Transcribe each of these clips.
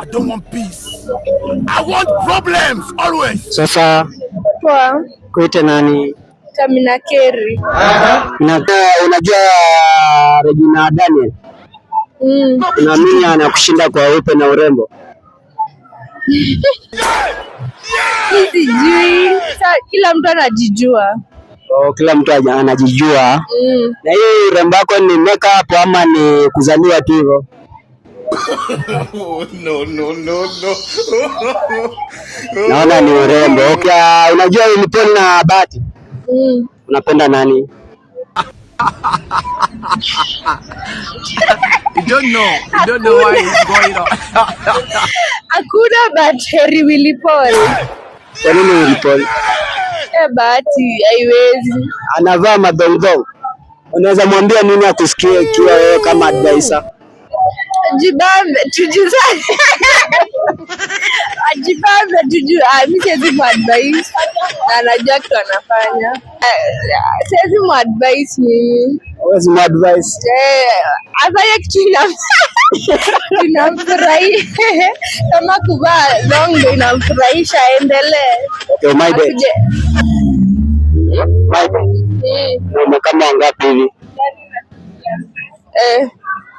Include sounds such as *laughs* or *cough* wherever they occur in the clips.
I don't want peace. I want problems always. Sasa kuite nani? Tamina Kerry. Unajua Regina Daniel? Mm. Naamini anakushinda kwa upe na urembo. Sijui. Kila mtu anajijua. Oh, kila mtu anajijua. Mm. Na hiyo urembo wako ni makeup ama ni kuzaliwa tu hivyo? no, no, no, no. Naona ni urembo. Okay, uh, unajua ni Paul na Bahati. Mm. Unapenda nani? You don't know. You don't know why it's going on. Hakuna Bahati Willy Paul. Kwa nini Willy Paul? Eh, Bahati haiwezi. Anavaa madongdong. Unaweza mwambia nini akusikie kiwa wewe kama advisor? Ajibambe tujizane, ajibambe tuju. Ah, mi siwezi muadvise, anajua kitu anafanya. Eh, siwezi muadvise mimi, huwezi muadvise eh, afanye kitu *laughs* inamfurahisha, *laughs* kama kuvaa longo inamfurahisha, endelee. Hmm. Kama wangapi hivi? Eh,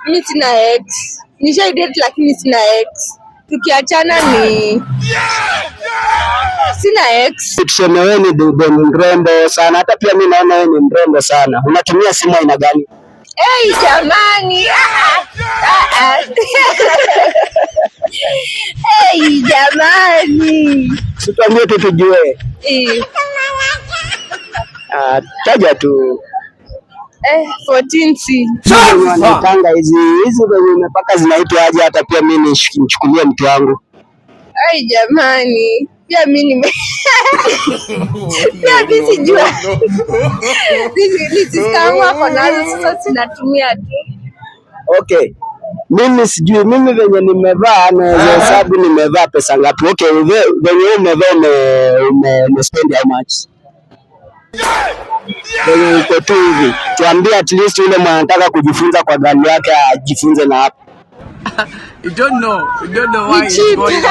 mi sina ex nisha date lakini sina ex. Tukiachana ni sina ex. Tuseme wewe ni dude mrembo sana, hata pia mimi naona wewe ni mrembo sana. Unatumia simu aina gani? Hey, jamani hey, jamani, situambie tu tujue. Eh. Ah, taja tu Eh, 14C. Ah. hizi hizi kwenye mipaka zinaitwa aje? Hata pia mi nichukulie mtu wangu. Ai jamani, pia mimi nime *laughs* pia mimi sijua *laughs* nazo sasa zinatumia tu. Okay. Mimi sijui mimi venye nimevaa naweza ah. hesabu nimevaa pesa ngapi. Okay, venye umevaa ume spend how much? kwenye iko tu hivi, tuambie at least yule mwana anataka kujifunza kwa gari yake ajifunze na hapa. *laughs* You don't know. You don't know why he's going.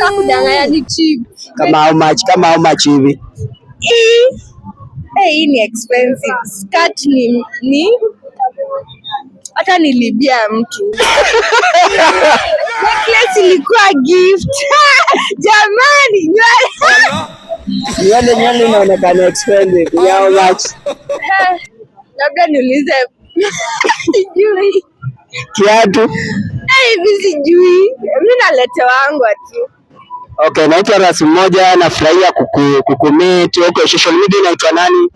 Nakudanganya ni cheap. Kama how much? Kama how much hivi? Eh, hii ni expensive. Skirt ni ni hata nilibia mtu. *laughs* Necklace ilikuwa gift. *laughs* Jamani, nywele nywele nywele inaonekana expensive oh, yao much. *laughs* Labda niulize *laughs* sijui kiatu. Hey, eh, mimi sijui, mimi naletewa wangu ati Okay, naitwa Ras mmoja, nafurahia kuku, kuku kukumit huko. Social media inaitwa nani?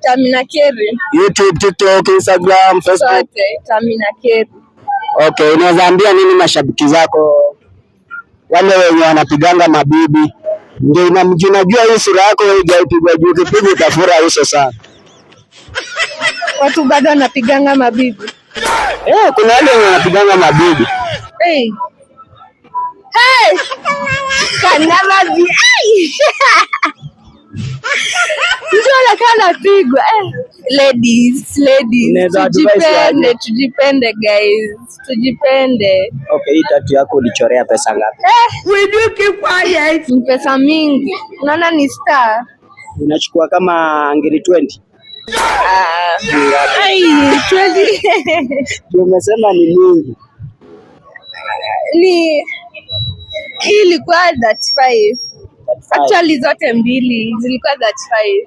Tamina Keri. YouTube, TikTok, Instagram, Facebook. Sote, Tamina Keri. Okay, unaweza nini mashabiki zako wale wenye wanapiganga mabibi ndio mjinajua hii sura yako haijapigwa juu, ukipigwa utafura uso sana. Watu bado wanapiganga mabibi eh, kuna wale wanapiganga mabibi hey. Hey. kanamabi mtu anakaa eh. Ladies, ladies. Tujipende, tujipende guys. Tujipende. Okay, hii tatu yako ulichorea pesa ngapi? Eh, we do keep quiet. Ni pesa mingi. Unaona ni star. Unachukua kama ngiri 20. Ah, *laughs* umesema ni mingi. Ni ilikuwa 35. Actually zote mbili zilikuwa 35.